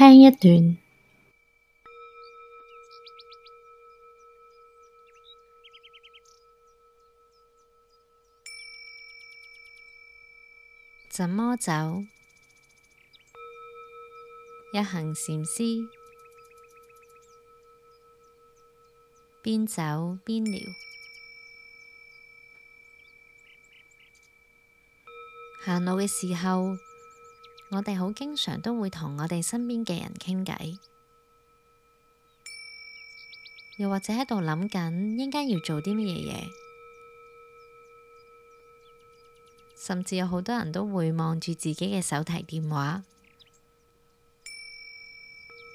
聽一段，怎麼走？一行禪師邊走邊聊，行路嘅時候。我哋好經常都會同我哋身邊嘅人傾偈，又或者喺度諗緊應該要做啲乜嘢嘢，甚至有好多人都會望住自己嘅手提電話，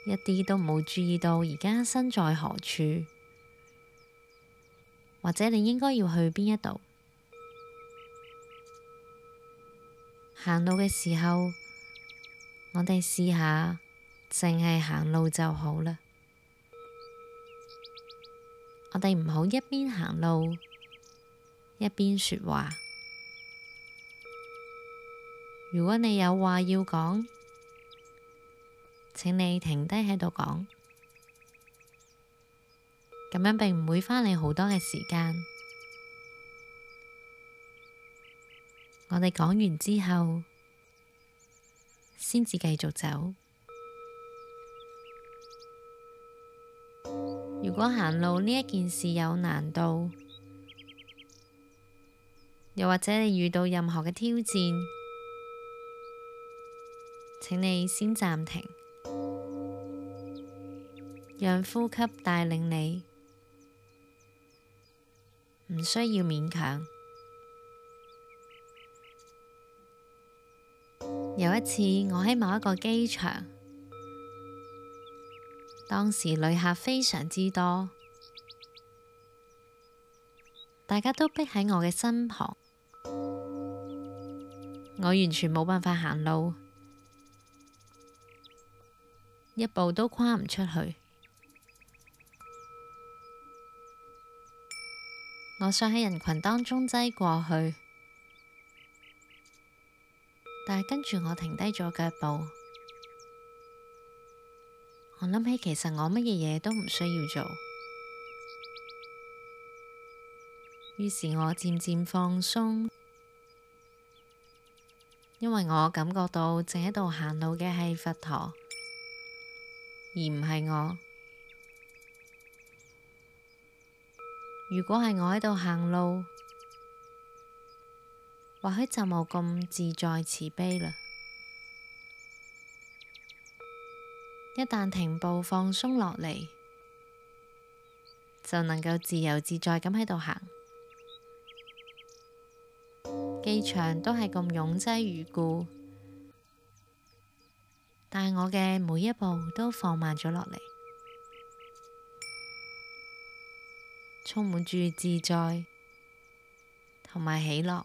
一啲都冇注意到而家身在何處，或者你應該要去邊一度，行路嘅時候。我哋試下淨係行路就好啦。我哋唔好一邊行路，一邊說話。如果你有話要講，請你停低喺度講，咁樣並唔會花你好多嘅時間。我哋講完之後，先至繼續走。如果行路呢件事有難度，又或者你遇到任何嘅挑戰，請你先暫停，讓呼吸帶領你，唔需要勉強。有一次，我喺某一個機場，當時旅客非常之多，大家都逼喺我嘅身旁，我完全冇辦法行路，一步都跨唔出去。我想喺人群當中擠過去。但係跟住我停低咗腳步，我諗起其實我乜嘢嘢都唔需要做，於是我漸漸放鬆，因為我感覺到正喺度行路嘅係佛陀，而唔係我。如果係我喺度行路。或許就冇咁自在慈悲啦。一旦停步放鬆落嚟，就能夠自由自在咁喺度行。機場都係咁擁擠如故，但係我嘅每一步都放慢咗落嚟，充滿住自在同埋喜樂。